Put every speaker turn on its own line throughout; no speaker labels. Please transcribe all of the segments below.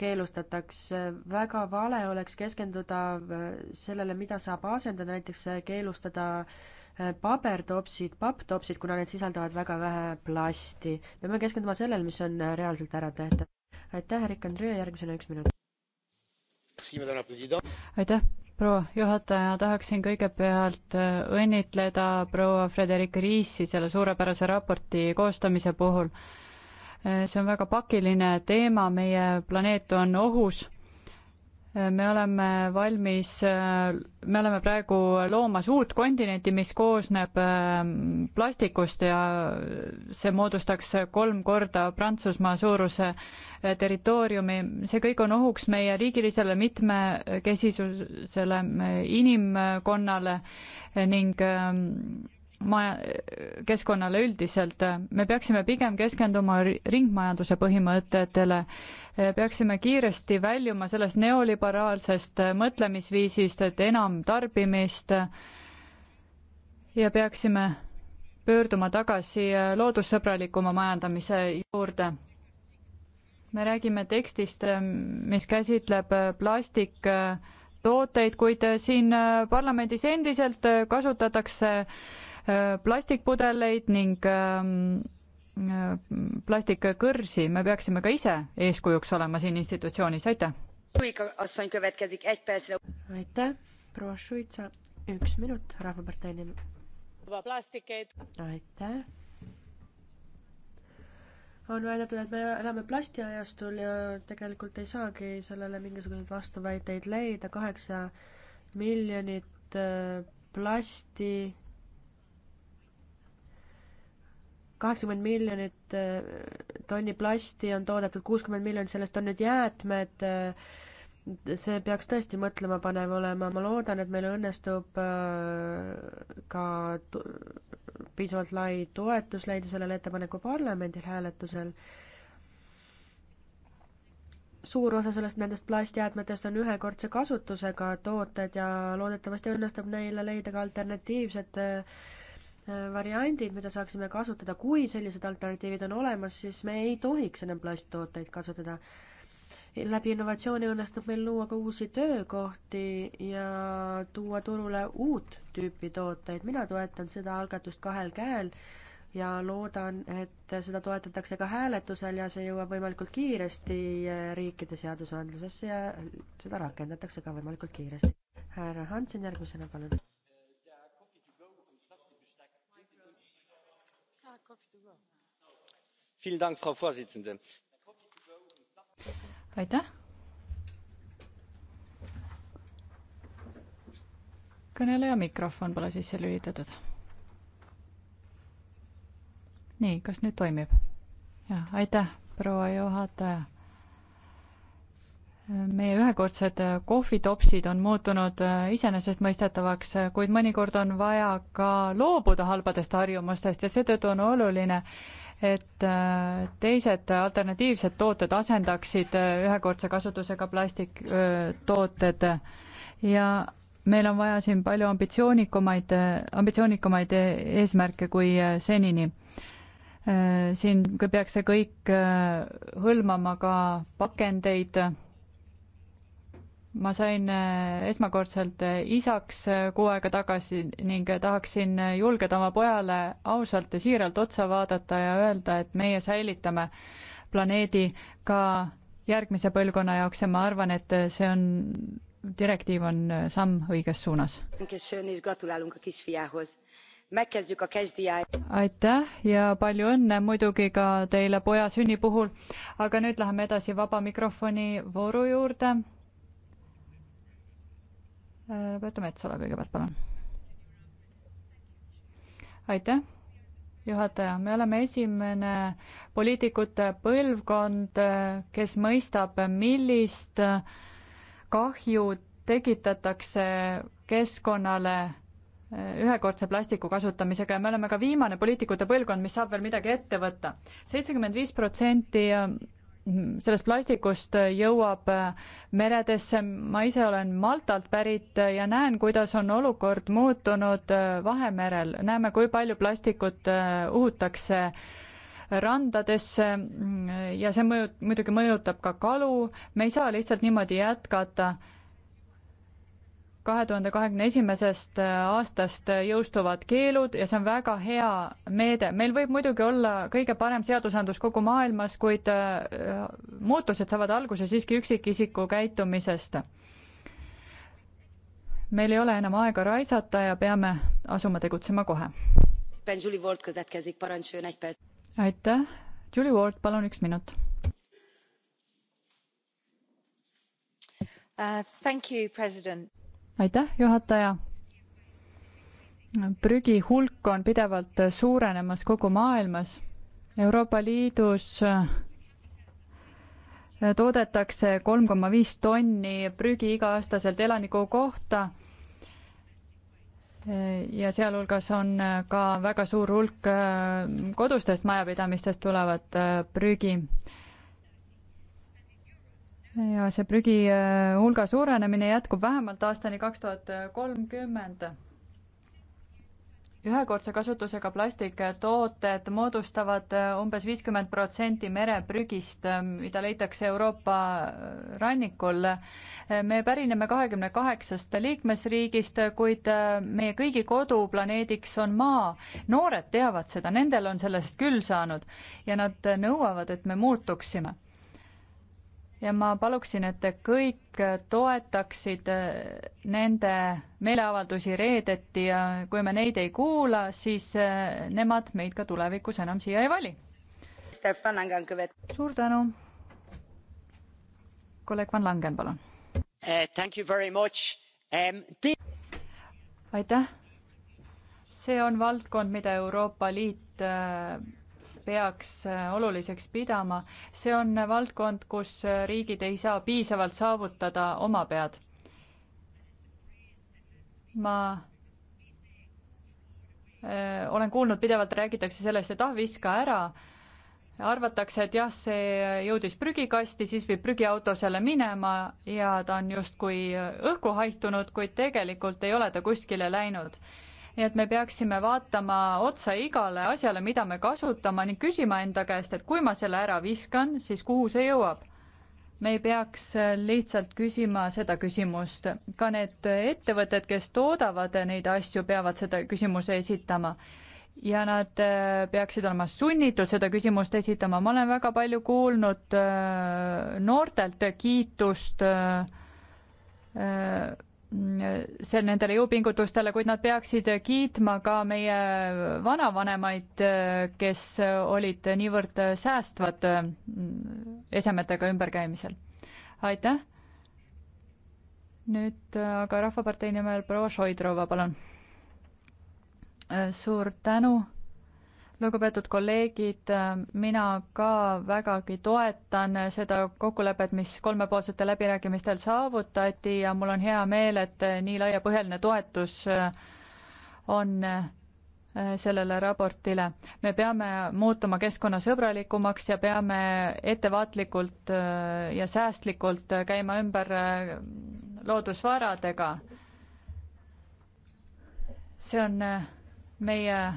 keelustatakse, väga vale oleks keskenduda äh, sellele, mida saab asendada, näiteks äh, keelustada äh, pabertopsid, papptopsid, kuna need sisaldavad väga vähe plasti. peame keskenduma sellele, mis on reaalselt ära tehtav. aitäh, Erik Andrei, järgmisena üks minut.
aitäh, proua juhataja, tahaksin kõigepealt õnnitleda proua Frederik Riisi selle suurepärase raporti koostamise puhul see on väga pakiline teema, meie planeet on ohus. me oleme valmis, me oleme praegu loomas uut kontinenti, mis koosneb ähm, plastikust ja see moodustaks kolm korda Prantsusmaa suuruse äh, territooriumi. see kõik on ohuks meie riigilisele mitmekesisusele, inimkonnale ning ähm, maja, keskkonnale üldiselt, me peaksime pigem keskenduma ringmajanduse põhimõtetele, peaksime kiiresti väljuma sellest neoliberaalsest mõtlemisviisist, et enam tarbimist ja peaksime pöörduma tagasi loodussõbralikuma majandamise juurde. me räägime tekstist, mis käsitleb plastik äh, tooteid, kuid äh, siin äh, parlamendis endiselt kasutatakse Äh, plastikpudeleid ning ähm, äh, plastikkõrsi, me peaksime ka ise eeskujuks olema siin institutsioonis, aitäh!
aitäh, proua Šuitsa, üks minut Rahvapartei
nimel.
aitäh! on väidetud, et me elame plastiajastul ja tegelikult ei saagi sellele mingisuguseid vastuväiteid leida, kaheksa miljonit äh, plasti kaheksakümmend miljonit äh, tonni plasti on toodetud, kuuskümmend miljonit sellest on nüüd jäätmed, äh, see peaks tõesti mõtlema panev olema, ma loodan, et meil õnnestub äh, ka piisavalt lai toetus leida sellele ettepaneku parlamendil hääletusel. suur osa sellest, nendest plastjäätmetest on ühekordse kasutusega tooted ja loodetavasti õnnestub neile leida ka alternatiivsed äh, variandid, mida saaksime kasutada, kui sellised alternatiivid on olemas, siis me ei tohiks enam plasttooteid kasutada. läbi innovatsiooni õnnestub meil luua ka uusi töökohti ja tuua turule uut tüüpi tooteid, mina toetan seda algatust kahel käel ja loodan, et seda toetatakse ka hääletusel ja see jõuab võimalikult kiiresti riikide seadusandlusesse ja seda rakendatakse ka võimalikult kiiresti. härra Hansen järgmisena, palun
frau präsidentin!
aitäh! kõneleja mikrofon pole sisse lülitatud. nii, kas nüüd toimib? jah, aitäh, proua juhataja. meie ühekordsed kohvitopsid on muutunud iseenesestmõistetavaks, kuid mõnikord on vaja ka loobuda halbadest harjumustest ja seetõttu on oluline, et äh, teised alternatiivsed tooted asendaksid äh, ühekordse kasutusega plastiktooted äh, ja meil on vaja siin palju ambitsioonikumaid, ambitsioonikumaid eesmärke kui senini. siin peaks see kõik hõlmama ka pakendeid ma sain äh, esmakordselt äh, isaks äh, kuu aega tagasi ning tahaksin julgeda oma pojale ausalt ja siiralt otsa vaadata ja öelda, et meie säilitame planeedi ka järgmise põlvkonna jaoks ja ma arvan, et see on, direktiiv on samm õiges suunas. aitäh ja palju õnne muidugi ka teile poja sünni puhul, aga nüüd läheme edasi vaba mikrofoni vooru juurde Roberta Metsola kõigepealt, palun. aitäh, juhataja, me oleme esimene poliitikute põlvkond, kes mõistab, millist kahju tekitatakse keskkonnale ühekordse plastiku kasutamisega ja me oleme ka viimane poliitikute põlvkond, mis saab veel midagi ette võtta. seitsekümmend viis protsenti sellest plastikust jõuab äh, meredesse. ma ise olen Maltalt pärit äh, ja näen, kuidas on olukord muutunud äh, Vahemerel. näeme, kui palju plastikut uhutakse randadesse mm, ja see mõju, muidugi mõjutab ka kalu. me ei saa lihtsalt niimoodi jätkata kahe tuhande kahekümne esimesest äh, aastast äh, jõustuvad keelud ja see on väga hea meede. meil võib muidugi olla kõige parem seadusandlus kogu maailmas, kuid äh, muutused saavad alguse siiski üksikisiku käitumisest. meil ei ole enam aega raisata ja peame asuma tegutsema kohe. aitäh, Julie Ward, palun üks minut
Uh, you,
aitäh, juhataja. prügi hulk on pidevalt suurenemas kogu maailmas. Euroopa Liidus äh, toodetakse kolm koma viis tonni prügi iga-aastaselt elaniku kohta. Äh, ja sealhulgas on äh, ka väga suur hulk kodustest majapidamistest tulevat prügi ja see prügi äh, hulga suurenemine jätkub vähemalt aastani kaks tuhat kolmkümmend. ühekordse kasutusega plastiktooted moodustavad äh, umbes viiskümmend protsenti mereprügist, äh, mida leitakse Euroopa rannikul. me pärineme kahekümne kaheksast liikmesriigist, kuid meie kõigi koduplaneediks on maa. noored teavad seda, nendel on sellest küll saanud ja nad nõuavad, et me muutuksime ja ma paluksin, et te kõik toetaksid äh, nende meeleavaldusi reedeti ja kui me neid ei kuula, siis äh, nemad meid ka tulevikus enam siia ei vali. suur tänu. kolleeg Van Langen, palun
uh,.
aitäh. see on valdkond, mida Euroopa Liit uh, peaks äh, oluliseks pidama. see on valdkond, kus riigid ei saa piisavalt saavutada oma pead. ma äh, olen kuulnud, pidevalt räägitakse sellest, et ah, viska ära arvatakse, et jah, see jõudis prügikasti, siis viib prügiauto selle minema ja ta on justkui õhku haihtunud, kuid tegelikult ei ole ta kuskile läinud nii et me peaksime vaatama otsa igale asjale, mida me kasutame ning küsima enda käest, et kui ma selle ära viskan, siis kuhu see jõuab? me ei peaks äh, lihtsalt küsima seda küsimust, ka need ettevõtted, kes toodavad neid asju, peavad seda küsimuse esitama ja nad äh, peaksid olema sunnitud seda küsimust esitama. ma olen väga palju kuulnud äh, noortelt kiitust Mm, seal nendele jõupingutustele, kuid nad peaksid kiitma ka meie vanavanemaid, kes olid niivõrd säästvad mm, esemetega ümberkäimisel. aitäh! nüüd aga Rahvapartei nimel proua Šoidrova, palun. suur tänu lugupeetud kolleegid, mina ka vägagi toetan seda kokkulepet, mis kolmepoolsetel läbirääkimistel saavutati ja mul on hea meel, et nii laiapõhjaline toetus on sellele raportile. me peame muutuma keskkonnasõbralikumaks ja peame ettevaatlikult ja säästlikult käima ümber loodusvaradega. see on meie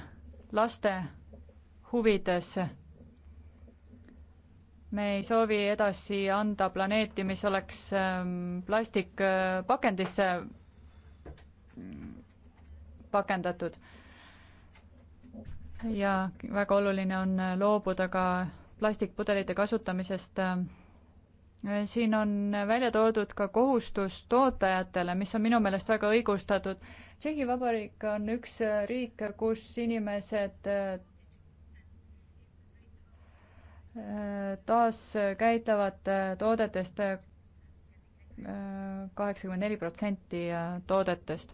laste huvides. me ei soovi edasi anda planeeti, mis oleks ähm, plastikpakendisse äh, mm, pakendatud. ja väga oluline on äh, loobuda ka plastikpudelite kasutamisest. Äh, siin on välja toodud ka kohustus tootajatele, mis on minu meelest väga õigustatud. Tšehhi Vabariik on üks riik, kus inimesed taaskäidavad toodetest äh, kaheksakümmend neli protsenti äh, toodetest.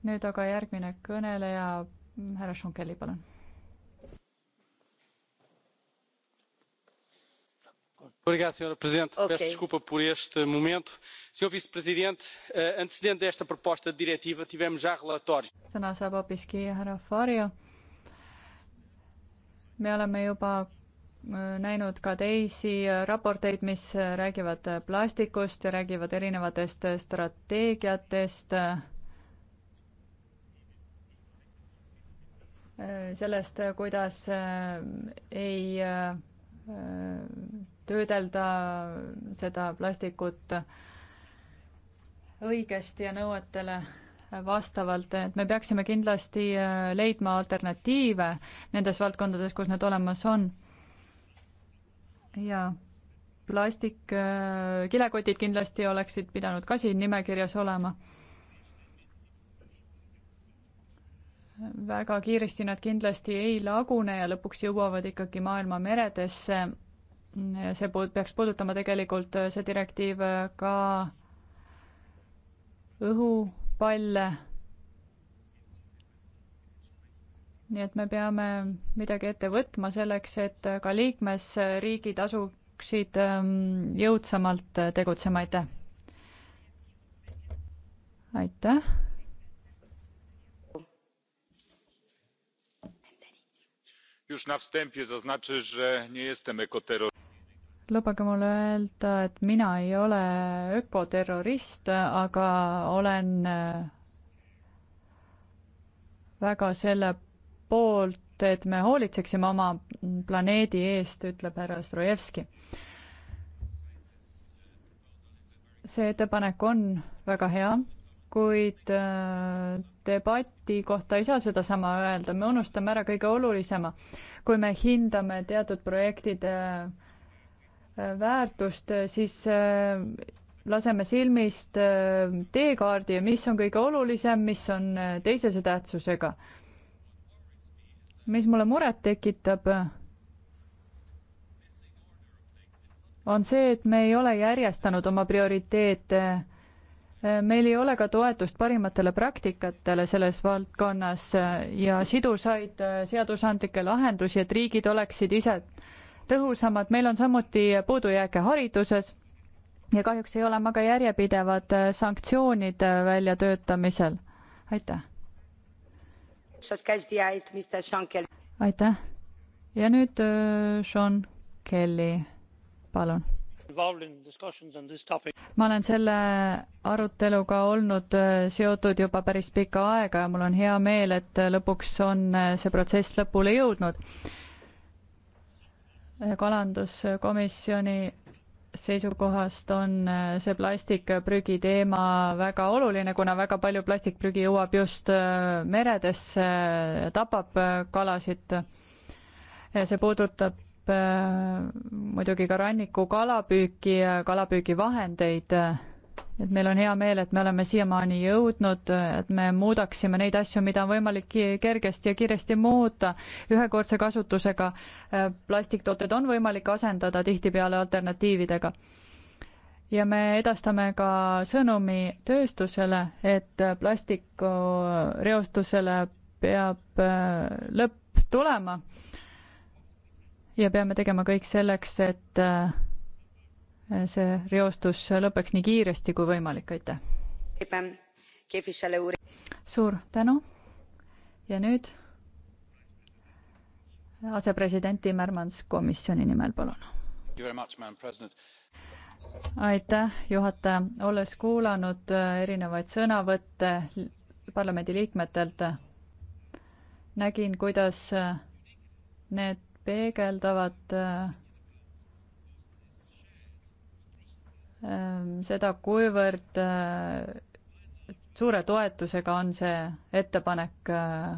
nüüd aga järgmine kõneleja, härra Šonkeli, palun.
Obrigado, senhora presidente. Okay. Peço desculpa por este momento. Senhor vice-presidente, eh, antecedente desta proposta de diretiva, tivemos
já relatórios.
Sõna saab hoopiski härra Faria me oleme juba äh, näinud ka teisi äh, raporteid, mis äh, räägivad plastikust ja räägivad erinevatest strateegiatest. sellest, kuidas ei töödelda seda plastikut õigesti ja nõuetele vastavalt, et me peaksime kindlasti äh, leidma alternatiive nendes valdkondades, kus need olemas on. jaa, plastikkilekotid äh, kindlasti oleksid pidanud ka siin nimekirjas olema. väga kiiresti nad kindlasti ei lagune ja lõpuks jõuavad ikkagi maailma meredesse. see puud-, peaks puudutama tegelikult äh, see direktiiv ka õhu palle. nii et me peame midagi ette võtma selleks, et ka liikmesriigid asuksid ähm, jõudsamalt tegutsema, aitäh. aitäh.
już na wstępie zaznaczę że nie jestem ekoterrorystą
lubage mulle öelda, et mina ei ole ökoterrorist, aga olen äh, väga selle poolt, et me hoolitseksime oma planeedi eest, ütleb härra Strojevski. see ettepanek on väga hea, kuid äh, debati kohta ei saa sedasama öelda, me unustame ära kõige olulisema. kui me hindame teatud projektide äh, väärtust, siis äh, laseme silmist äh, teekaardi, mis on kõige olulisem, mis on äh, teisese tähtsusega. mis mulle muret tekitab, on see, et me ei ole järjestanud oma prioriteete. meil ei ole ka toetust parimatele praktikatele selles valdkonnas ja sidusaid seadusandlikke lahendusi, et riigid oleksid ise tõhusamad, meil on samuti puudujääke hariduses ja kahjuks ei ole ma ka järjepidevad äh, sanktsioonide äh, väljatöötamisel. aitäh. aitäh. ja nüüd äh, Sean Kelly, palun ma olen selle aruteluga olnud seotud juba päris pikka aega ja mul on hea meel, et lõpuks on see protsess lõpule jõudnud kalanduskomisjoni seisukohast on äh, see plastikprügi teema väga oluline, kuna väga palju plastikprügi jõuab just äh, meredesse, tapab äh, kalasid. see puudutab muidugi ka ranniku kalapüüki ja kalapüügivahendeid et meil on hea meel, et me oleme siiamaani jõudnud, et me muudaksime neid asju, mida on võimalik kergesti ja kiiresti muuta. ühekordse kasutusega äh, plastiktooted on võimalik asendada tihtipeale alternatiividega. ja me edastame ka sõnumi tööstusele, et plastikureostusele peab äh, lõpp tulema ja peame tegema kõik selleks, et äh, see reostus lõpeks nii kiiresti kui võimalik, aitäh. suur tänu. ja nüüd asepresident Timmermans komisjoni nimel, palun. aitäh, juhataja, olles kuulanud erinevaid sõnavõtte parlamendiliikmetelt, nägin, kuidas need peegeldavad Ehm, seda, kuivõrd äh, suure toetusega on see ettepanek äh,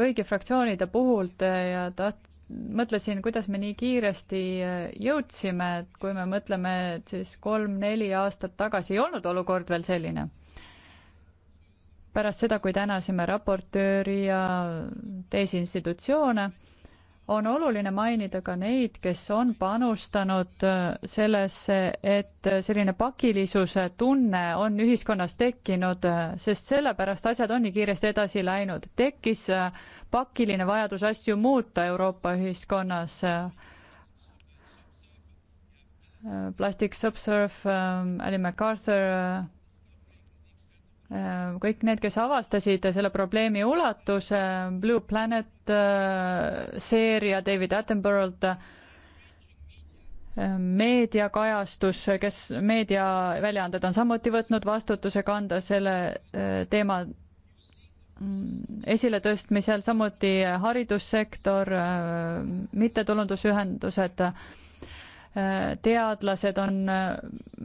kõigi fraktsioonide puhult äh, ja taht-, mõtlesin, kuidas me nii kiiresti jõudsime, et kui me mõtleme, et siis kolm-neli aastat tagasi ei olnud olukord veel selline. pärast seda, kui tänasime raportööri ja teisi institutsioone on oluline mainida ka neid, kes on panustanud äh, sellesse, et äh, selline pakilisuse tunne on ühiskonnas tekkinud, äh, sest sellepärast asjad on nii kiiresti edasi läinud. tekkis pakiline vajadus asju muuta Euroopa ühiskonnas. Plastic Subsurf, ähm, Ali MacArthur Äh, kõik need, kes avastasid selle probleemi ulatuse, Blue Planet äh, seeria David Attenborough'lt, äh, meediakajastus, kes, meediaväljaanded on samuti võtnud vastutuse kanda selle teema mm, esiletõstmisel, samuti haridussektor, mittetulundusühendused teadlased on äh,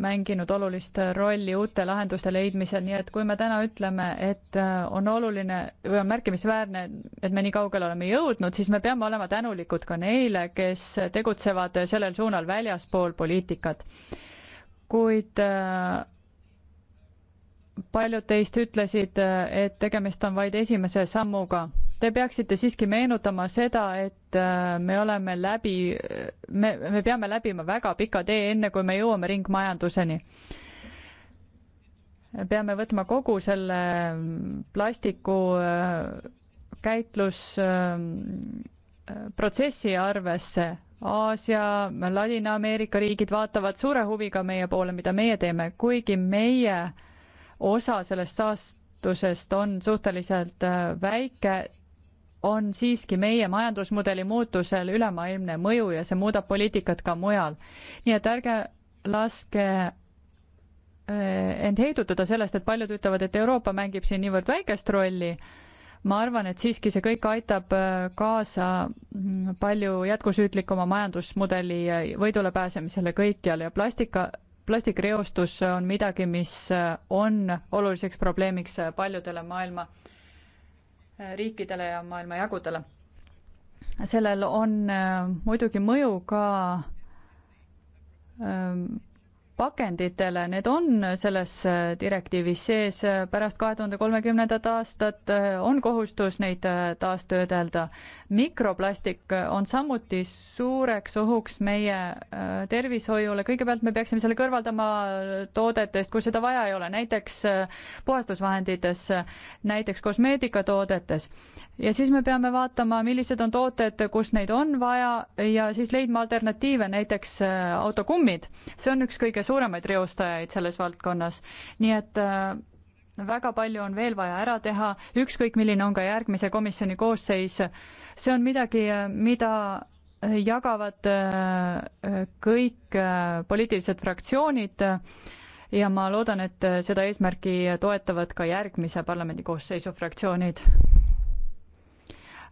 mänginud olulist rolli uute lahenduste leidmisel, nii et kui me täna ütleme, et äh, on oluline või on märkimisväärne, et me nii kaugele oleme jõudnud, siis me peame olema tänulikud ka neile, kes tegutsevad sellel suunal väljaspool poliitikat. kuid äh, paljud teist ütlesid, et tegemist on vaid esimese sammuga Te peaksite siiski meenutama seda, et äh, me oleme läbi, me, me peame läbima väga pika tee, enne kui me jõuame ringmajanduseni. peame võtma kogu selle mm, plastiku äh, käitlusprotsessi äh, arvesse. Aasia, Ladina-Ameerika riigid vaatavad suure huviga meie poole, mida meie teeme, kuigi meie osa sellest saast-, muudatusest on suhteliselt väike, on siiski meie majandusmudeli muutusel ülemaailmne mõju ja see muudab poliitikat ka mujal. nii et ärge laske eh, end heidutada sellest, et paljud ütlevad, et Euroopa mängib siin niivõrd väikest rolli. ma arvan, et siiski see kõik aitab eh, kaasa mm, palju jätkusüütlikuma majandusmudeli eh, võidule pääsemisele kõikjal ja plastika plastikreostus on midagi, mis on oluliseks probleemiks paljudele maailma riikidele ja maailmajagudele. sellel on äh, muidugi mõju ka ähm, pakenditele, need on selles äh, direktiivis sees, äh, pärast kahe tuhande kolmekümnendat aastat äh, on kohustus neid taastöödelda. mikroplastik on samuti suureks ohuks meie tervishoiule, kõigepealt me peaksime selle kõrvaldama toodetest, kui seda vaja ei ole, näiteks puhastusvahendites, näiteks kosmeetikatoodetes. ja siis me peame vaatama, millised on tooted, kus neid on vaja ja siis leidma alternatiive, näiteks autokummid, see on üks kõige suuremaid reostajaid selles valdkonnas, nii et äh, väga palju on veel vaja ära teha, ükskõik milline on ka järgmise komisjoni koosseis, see on midagi, äh, mida äh, jagavad kõik poliitilised fraktsioonid ja ma loodan, et seda eesmärki toetavad ka järgmise parlamendikoosseisu fraktsioonid.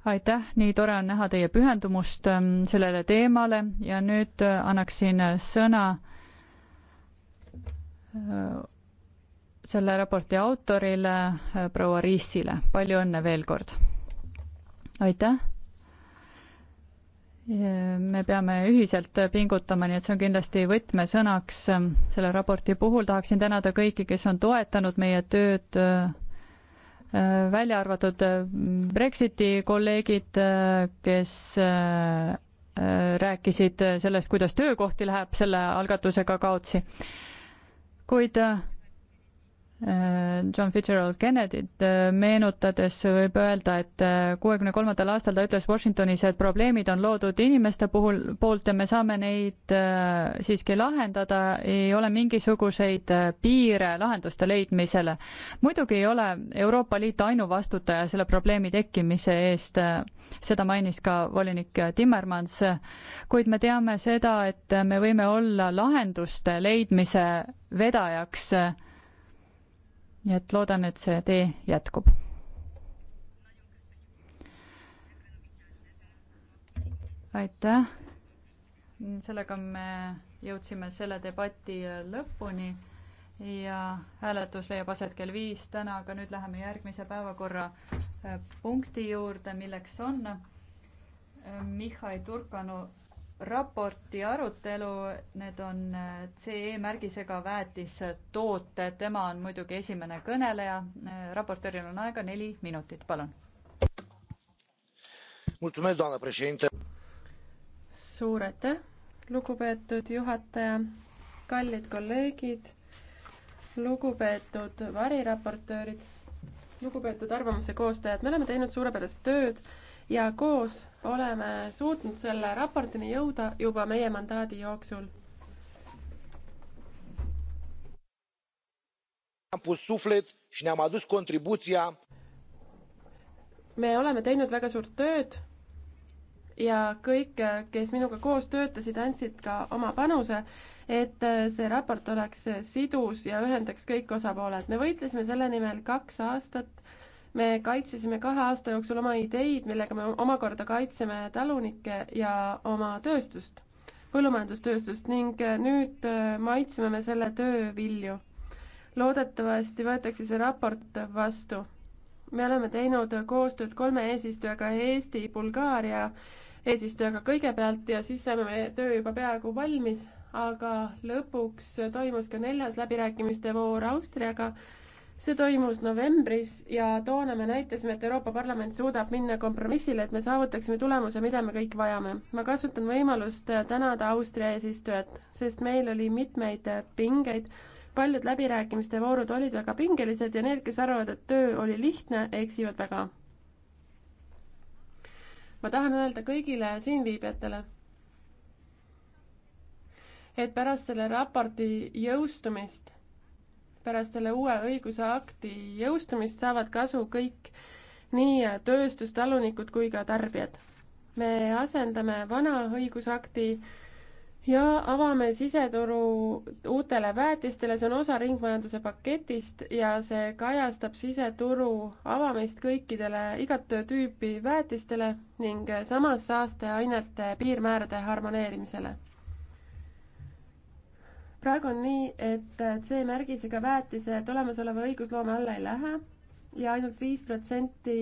aitäh, nii tore on näha teie pühendumust ähm, sellele teemale ja nüüd annaksin sõna Äh, selle raporti autorile, äh, proua Riissile, palju õnne veel kord! aitäh! me peame ühiselt pingutama, nii et see on kindlasti võtmesõnaks äh, selle raporti puhul. tahaksin tänada kõiki, kes on toetanud meie tööd, välja arvatud Brexiti kolleegid, kes rääkisid sellest, kuidas töökohti läheb selle algatusega kaotsi kuid äh, Äh, John Fitzgerald Kennedyt äh, meenutades võib öelda, et äh, kuuekümne kolmandal aastal ta ütles Washingtonis, et probleemid on loodud inimeste puhul, poolt ja me saame neid siiski lahendada, ei ole mingisuguseid piire lahenduste leidmisele. muidugi ei ole Euroopa Liit ainuvastutaja selle probleemi tekkimise eest, seda mainis ka volinik Timmermans, kuid me teame seda, et me võime olla lahenduste leidmise vedajaks nii et loodan, et see tee jätkub. aitäh. sellega me jõudsime selle debati lõpuni ja hääletus leiab aset kell viis täna, aga nüüd läheme järgmise päevakorrapunkti äh, juurde, milleks on äh, Mihhail Turkanu raporti arutelu, need on äh, CE märgisega väetistooted, äh, tema on muidugi esimene kõneleja. Äh, raportööril on aega neli minutit, palun.
suur aitäh, lugupeetud juhataja, kallid kolleegid, lugupeetud variraportöörid, lugupeetud arvamuse koostajad, me oleme teinud suurepärast tööd ja koos oleme suutnud selle raportini jõuda juba meie mandaadi jooksul. me oleme teinud väga suurt tööd ja kõik, kes minuga koos töötasid, andsid ka oma panuse, et see raport oleks sidus ja ühendaks kõik osapooled. me võitlesime selle nimel kaks aastat me kaitsesime kahe aasta jooksul oma ideid, millega me omakorda kaitseme talunikke ja oma tööstust, põllumajandustööstust ning äh, nüüd äh, maitseme me selle töö vilju. loodetavasti võetakse see raport vastu. me oleme teinud koostööd kolme eesistujaga Eesti, Bulgaaria eesistujaga kõigepealt ja siis saime me töö juba peaaegu valmis, aga lõpuks toimus ka neljas läbirääkimiste voor Austriaga see toimus novembris ja toona me näitasime, et Euroopa Parlament suudab minna kompromissile, et me saavutaksime tulemuse, mida me kõik vajame. ma kasutan võimalust tänada Austria eesistujat, sest meil oli mitmeid pingeid, paljud läbirääkimiste voorud olid väga pingelised ja need, kes arvavad, et töö oli lihtne, eksivad väga. ma tahan öelda kõigile siinviibijatele, et pärast selle raporti jõustumist pärast selle uue õigusakti jõustumist saavad kasu kõik, nii tööstus, talunikud kui ka tarbijad. me asendame vana õigusakti ja avame siseturu uutele väetistele, see on osa ringmajanduse paketist ja see kajastab siseturu avamist kõikidele igat tüüpi väetistele ning samas saasteainete piirmäärade harmoneerimisele praegu on nii, et äh, C-märgisega väetised olemasoleva õigusloome alla ei lähe ja ainult viis protsenti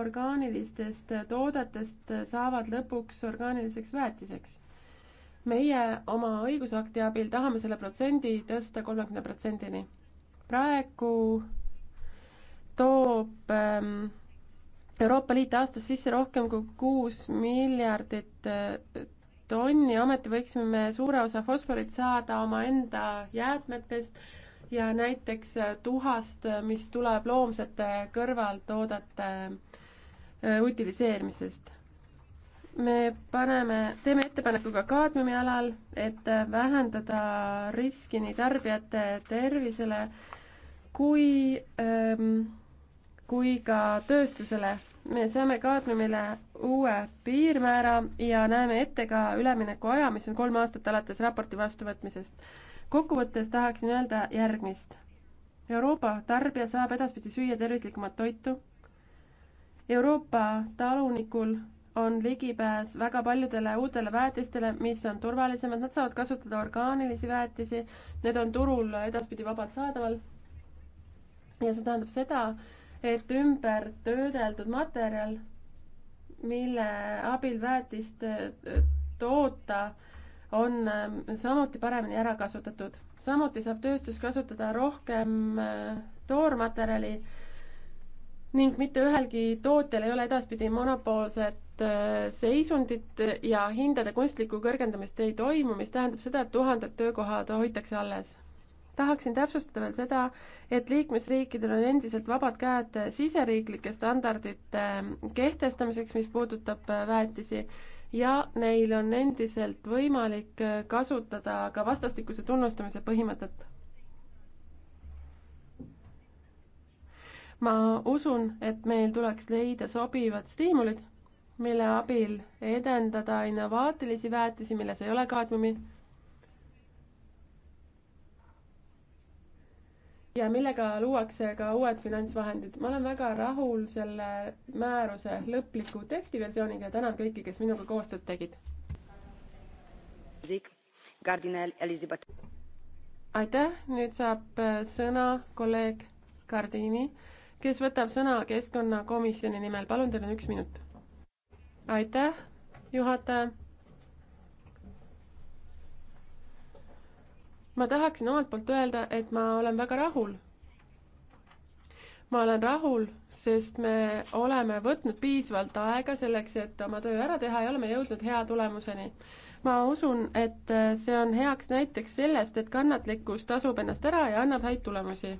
orgaanilistest toodetest saavad lõpuks orgaaniliseks väetiseks. meie oma õigusakti abil tahame selle protsendi tõsta kolmekümne protsendini. praegu toob ähm, Euroopa Liit aastas sisse rohkem kui kuus miljardit äh, tonni ometi võiksime me suure osa fosforit saada omaenda jäätmetest ja näiteks tuhast, mis tuleb loomsete kõrvaltoodete äh, utiliseerimisest. me paneme, teeme ettepaneku ka kaadmiumi alal, et vähendada riski nii tarbijate tervisele kui, ähm, kui ka tööstusele me seame kaadmiumile uue piirmäära ja näeme ette ka üleminekuaja, mis on kolm aastat alates raporti vastuvõtmisest. kokkuvõttes tahaksin öelda järgmist. Euroopa tarbija saab edaspidi süüa tervislikumat toitu. Euroopa talunikul on ligipääs väga paljudele uutele väetistele, mis on turvalisemad, nad saavad kasutada orgaanilisi väetisi, need on turul edaspidi vabalt saadaval. ja see tähendab seda, et ümber töödeldud materjal, mille abil väetist äh, toota, on äh, samuti paremini ära kasutatud. samuti saab tööstus kasutada rohkem äh, toormaterjali ning mitte ühelgi tootjal ei ole edaspidi monopoolset seisundit ja hindade kunstlikku kõrgendamist ei toimu, mis tähendab seda, et tuhanded töökohad hoitakse alles tahaksin täpsustada veel seda, et liikmesriikidel on endiselt vabad käed siseriiklike standardite ähm, kehtestamiseks, mis puudutab äh, väetisi, ja neil on endiselt võimalik äh, kasutada ka vastastikuse tunnustamise põhimõtet. ma usun, et meil tuleks leida sobivad stiimulid, mille abil edendada innovaatilisi väetisi, milles ei ole kaadmiumi ja millega luuakse ka uued finantsvahendid. ma olen väga rahul selle määruse lõpliku tekstiversiooniga ja tänan kõiki, kes minuga koostööd tegid. aitäh, nüüd saab äh, sõna kolleeg Gardini, kes võtab sõna keskkonnakomisjoni nimel. palun, teil on üks minut. aitäh, juhataja ma tahaksin omalt poolt öelda, et ma olen väga rahul. ma olen rahul, sest me oleme võtnud piisavalt aega selleks, et oma töö ära teha ja oleme jõudnud hea tulemuseni. ma usun, et see on heaks näiteks sellest, et kannatlikkus tasub ennast ära ja annab häid tulemusi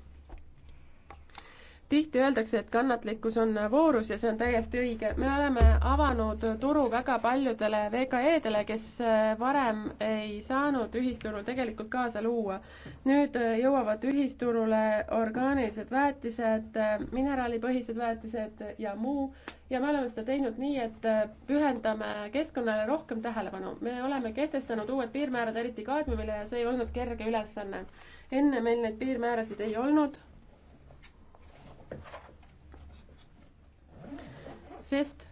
tihti öeldakse, et kannatlikkus on voorus ja see on täiesti õige. me oleme avanud turu väga paljudele VKE-dele, kes äh, varem ei saanud ühisturul tegelikult kaasa luua. nüüd äh, jõuavad ühisturule orgaanilised väetised, äh, mineraalipõhised väetised ja muu ja me oleme seda teinud nii, et pühendame keskkonnale rohkem tähelepanu. me oleme kehtestanud uued piirmäärad, eriti kaadmiumile ja see ei olnud kerge ülesanne. enne meil neid piirmäärasid ei olnud sest,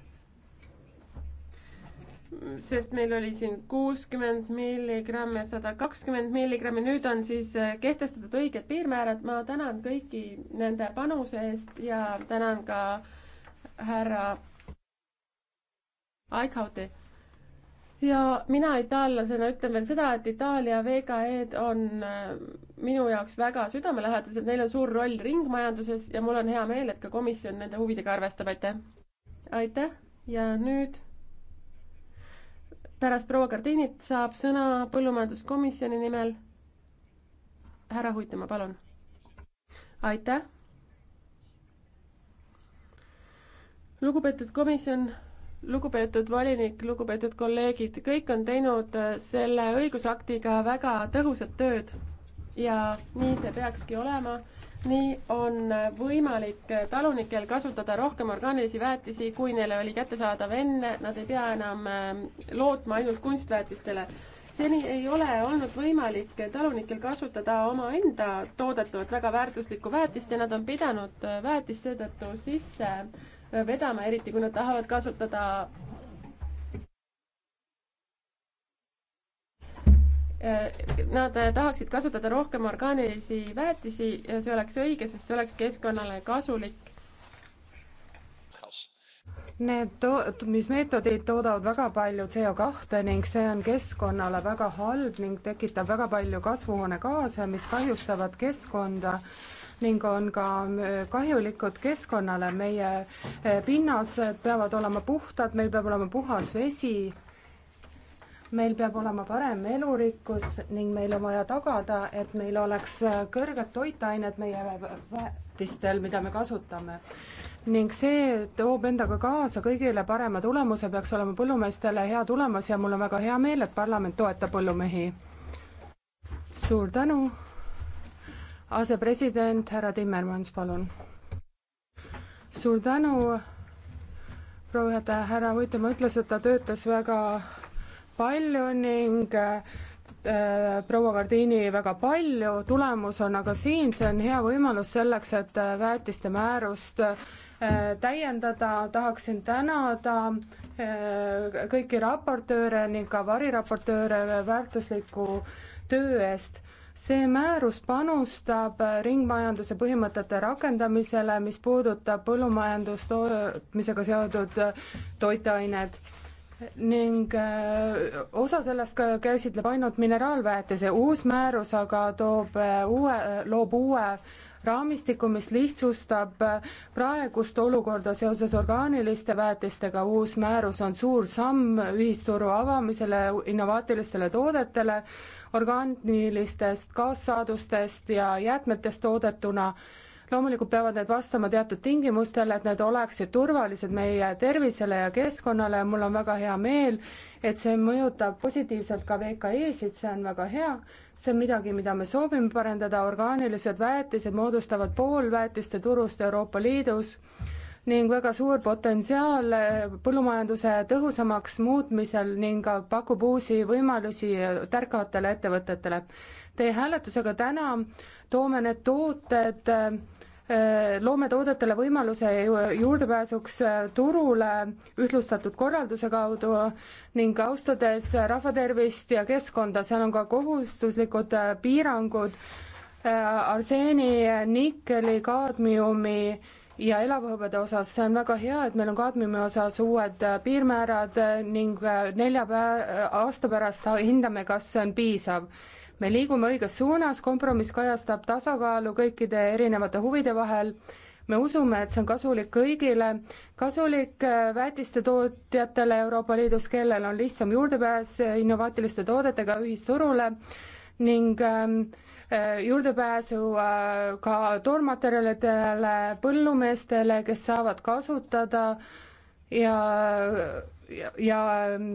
sest meil oli siin kuuskümmend milligrammi ja sada kakskümmend milligrammi, nüüd on siis äh, kehtestatud õiged piirmäärad. ma tänan kõiki nende panuse eest ja tänan ka härra Aikhauti ja mina itaallasena ütlen veel seda, et Itaalia VKE-d on äh, minu jaoks väga südamelähedased, neil on suur roll ringmajanduses ja mul on hea meel, et ka komisjon nende huvidega arvestab, aitäh. aitäh ja nüüd pärast proua Kardiinit saab sõna põllumajanduskomisjoni nimel härra Huitemaa, palun. aitäh. lugupeetud komisjon lugupeetud volinik, lugupeetud kolleegid, kõik on teinud äh, selle õigusaktiga väga tõhusat tööd ja nii see peakski olema. nii on äh, võimalik äh, talunikel kasutada rohkem orgaanilisi väetisi, kui neile oli kättesaadav enne, nad ei pea enam lootma ainult kunstväetistele. seni ei ole olnud võimalik talunikel kasutada omaenda toodetavat väga väärtuslikku väetist ja nad on pidanud väetist seetõttu sisse vedama, eriti kui nad tahavad kasutada Nad tahaksid kasutada rohkem orgaanilisi väetisi ja see oleks õige, sest see oleks keskkonnale kasulik.
Need tootmismeetodid toodavad väga palju CO2 ning see on keskkonnale väga halb ning tekitab väga palju kasvuhoonegaase, mis kahjustavad keskkonda ning on ka äh, kahjulikud keskkonnale. meie äh, pinnased peavad olema puhtad, meil peab olema puhas vesi, meil peab olema parem elurikkus ning meil on vaja tagada, et meil oleks äh, kõrged toitained meie väetistel, mida me kasutame ning see toob endaga kaasa kõigile parema tulemuse, peaks olema põllumeestele hea tulemus ja mul on väga hea meel, et parlament toetab põllumehi. suur tänu asepresident härra Timmermans, palun. suur tänu, proua juhataja, härra Võitemaa ütles, et ta töötas väga palju ning äh, proua Gardiini väga palju, tulemus on aga siin, see on hea võimalus selleks, et äh, väetiste määrust äh, täiendada, tahaksin tänada äh, kõiki raportööre ning ka variraportööre väärtusliku töö eest see määrus panustab ringmajanduse põhimõtete rakendamisele, mis puudutab põllumajandustootmisega seotud toitained ning äh, osa sellest ka käsitleb ainult mineraalväetise, uus määrus aga toob äh, uue, loob uue raamistiku, mis lihtsustab äh, praegust olukorda seoses orgaaniliste väetistega, uus määrus on suur samm ühisturu avamisele innovaatilistele toodetele, orgaanilistest kaassaadustest ja jäätmetest toodetuna. loomulikult peavad need vastama teatud tingimustele, et need oleksid turvalised meie tervisele ja keskkonnale ja mul on väga hea meel, et see mõjutab positiivselt ka VKE-sid, see on väga hea, see on midagi, mida me soovime parendada, orgaanilised väetised moodustavad pool väetiste turust Euroopa Liidus ning väga suur potentsiaal põllumajanduse tõhusamaks muutmisel ning pakub uusi võimalusi tärkavatele ettevõtetele. Teie hääletusega täna toome need tooted eh, loometoodetele võimaluse juurdepääsuks eh, turule ühtlustatud korralduse kaudu ning austades rahvatervist ja keskkonda, seal on ka kohustuslikud eh, piirangud arseeni, nikeli, kaadmiumi ja elavhõbeda osas, see on väga hea, et meil on kadmiumi osas uued äh, piirmäärad äh, ning äh, nelja pää-, aasta pärast hindame, kas see on piisav. me liigume õiges suunas, kompromiss kajastab tasakaalu kõikide erinevate huvide vahel, me usume, et see on kasulik kõigile, kasulik väetisetootjatele Euroopa Liidus, kellel on lihtsam juurdepääs innovaatiliste toodetega ühisturule ning äh, Äh, juurdepääsu äh, ka toormaterjalidele põllumeestele, kes saavad kasutada ja, ja, ja ähm,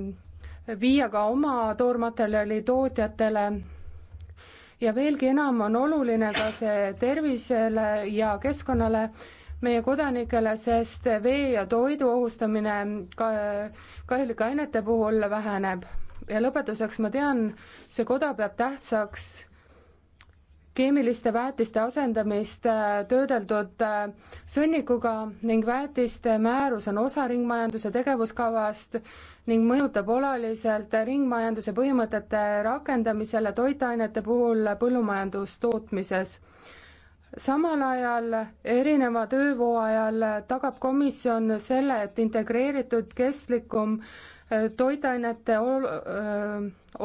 viia ka oma toormaterjali tootjatele ja veelgi enam on oluline ka see tervisele ja keskkonnale, meie kodanikele, sest vee ja toidu ohustamine ka kahjulike ainete puhul väheneb. ja lõpetuseks ma tean, see koda peab tähtsaks keemiliste väetiste asendamist äh, töödeldud äh, sõnnikuga ning väetiste määrus on osa ringmajanduse tegevuskavast ning mõjutab oluliselt ringmajanduse põhimõtete rakendamisele toitainete puhul põllumajandustootmises. samal ajal, erineva töövoo ajal tagab komisjon selle, et integreeritud kestlikum äh, toitainete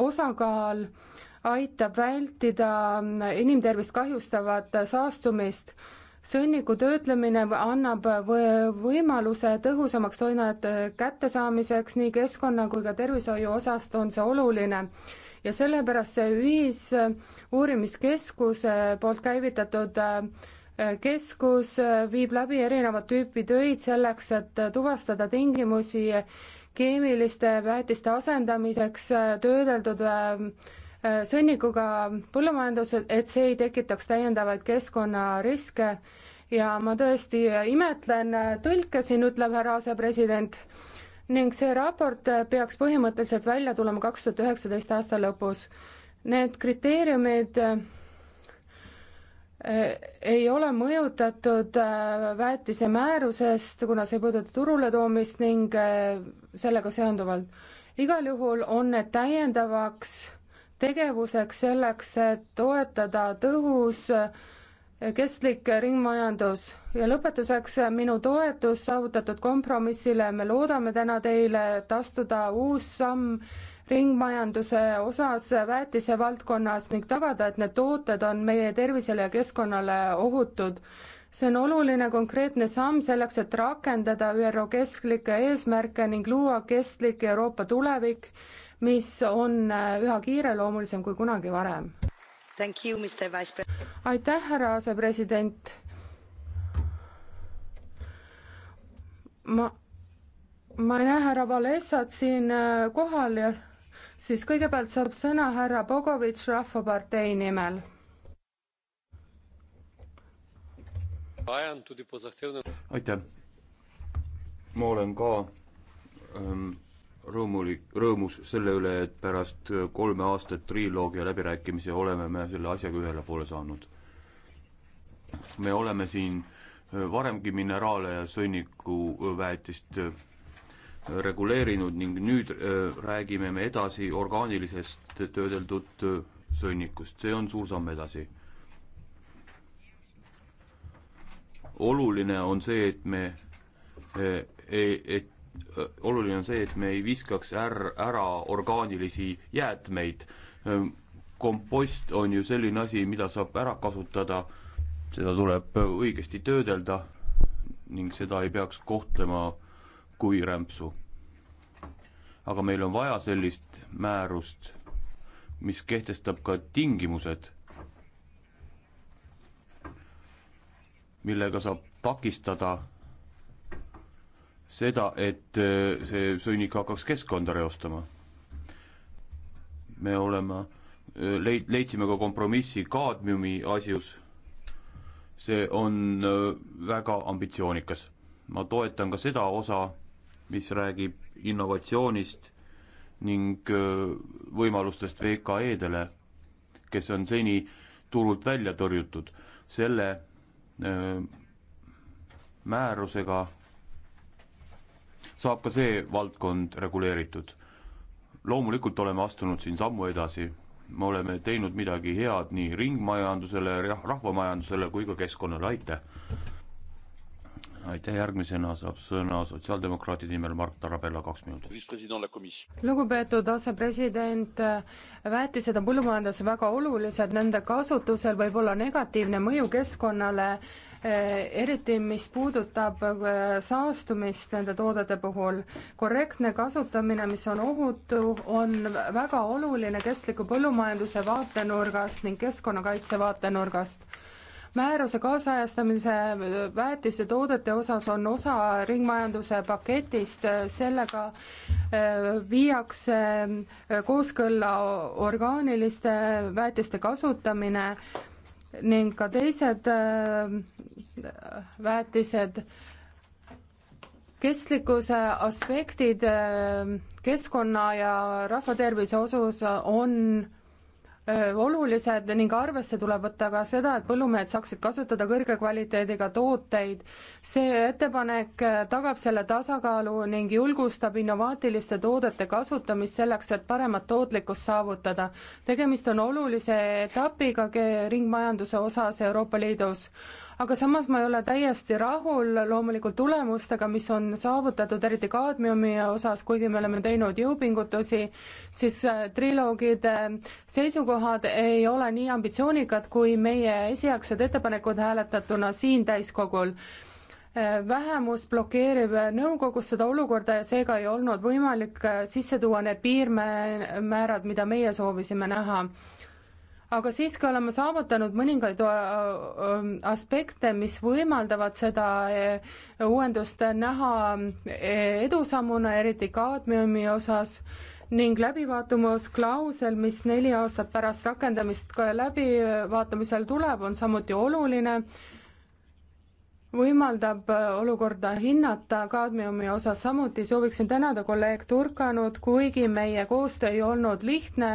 osakaal aitab vältida inimtervist kahjustavat saastumist. sõnniku töötlemine annab võimaluse tõhusamaks toinete kättesaamiseks nii keskkonna kui ka tervishoiu osast on see oluline ja sellepärast see ühisuurimiskeskuse poolt käivitatud äh, keskus äh, viib läbi erinevat tüüpi töid selleks, et tuvastada tingimusi keemiliste väetiste asendamiseks äh, töödeldud Äh, sõnnikuga põllumajandusel, et see ei tekitaks täiendavaid keskkonnariske ja ma tõesti äh, imetlen äh, tõlke siin, ütleb härra asepresident, ning see raport peaks põhimõtteliselt välja tulema kaks tuhat üheksateist aasta lõpus. Need kriteeriumid ei ole mõjutatud väetise määrusest, kuna see ei puuduta turule toomist ning sellega seonduvalt. igal juhul on need täiendavaks tegevuseks selleks, et toetada tõhus kestlik ringmajandus ja lõpetuseks minu toetus saavutatud kompromissile, me loodame täna teile, et astuda uus samm ringmajanduse osas väetise valdkonnas ning tagada, et need tooted on meie tervisele ja keskkonnale ohutud. see on oluline konkreetne samm selleks, et rakendada ÜRO kestlikke eesmärke ning luua kestlik Euroopa tulevik mis on äh, üha kiireloomulisem kui kunagi varem. aitäh, härra asepresident. ma, ma ei näe härra Valesat siin äh, kohal ja siis kõigepealt saab sõna härra Bogovitš Rahvapartei nimel.
aitäh, ma olen ka ähm, rõõmulik, rõõmus selle üle, et pärast kolme aastat triloogia läbirääkimisi oleme me selle asjaga ühele poole saanud. me oleme siin äh, varemgi mineraale ja sõnnikuväetist äh, äh, reguleerinud ning nüüd räägime me edasi orgaanilisest töödeldud sõnnikust, see on suur samm edasi. oluline on see, et me, e-, et Äh, oluline on see, et me ei viskaks är-, ära orgaanilisi jäätmeid. Äh, kompost on ju selline asi, mida saab ära kasutada, seda tuleb äh, õigesti töödelda ning seda ei peaks kohtlema kui rämpsu. aga meil on vaja sellist määrust, mis kehtestab ka tingimused, millega saab takistada seda, et äh, see sõnnik hakkaks keskkonda reostama. me oleme, äh, leid-, leidsime ka kompromissi kaadmiumi asjus. see on äh, väga ambitsioonikas. ma toetan ka seda osa, mis räägib innovatsioonist ning võimalustest VKE-dele, kes on seni turult välja tõrjutud. selle määrusega saab ka see valdkond reguleeritud. loomulikult oleme astunud siin sammu edasi, me oleme teinud midagi head nii ringmajandusele, rahvamajandusele kui ka keskkonnale, aitäh! aitäh, järgmisena saab sõna sotsiaaldemokraatide nimel Mart Tarabella, kaks minutit.
lugupeetud asepresident, väetised on põllumajanduses väga olulised, nende kasutusel võib olla negatiivne mõju keskkonnale Eh, eriti mis puudutab eh, saastumist nende toodete puhul. korrektne kasutamine, mis on ohutu, on väga oluline kestliku põllumajanduse vaatenurgast ning keskkonnakaitse vaatenurgast määruse kaasajastamise eh, väetisetoodete osas on osa ringmajanduse paketist, sellega viiakse kooskõlla orgaaniliste väetiste kasutamine ning ka teised äh, väetised. kestlikkuse aspektid äh, keskkonna ja rahvatervise osas on olulised ning arvesse tuleb võtta ka seda, et põllumehed saaksid kasutada kõrge kvaliteediga tooteid. see ettepanek tagab selle tasakaalu ning julgustab innovaatiliste toodete kasutamist selleks, et paremat tootlikkust saavutada. tegemist on olulise etapiga ringmajanduse osas Euroopa Liidus aga samas ma ei ole täiesti rahul loomulikult tulemustega, mis on saavutatud, eriti kaadmiumi osas, kuigi me oleme teinud jõupingutusi, siis äh, triloogide seisukohad ei ole nii ambitsioonikad kui meie esialgsed ettepanekud hääletatuna siin täiskogul äh, vähemus blokeerib nõukogus seda olukorda ja seega ei olnud võimalik äh, sisse tuua need piirmäärad, mida meie soovisime näha aga siiski oleme saavutanud mõningaid äh, äh, aspekte, mis võimaldavad seda äh, uuendust näha edusammuna, eriti kaadmiumi osas ning läbivaatumusklausel, mis neli aastat pärast rakendamist ka läbivaatamisel tuleb, on samuti oluline, võimaldab olukorda hinnata kaadmiumi osas samuti, sooviksin tänada kolleeg Turkanut, kuigi meie koostöö ei olnud lihtne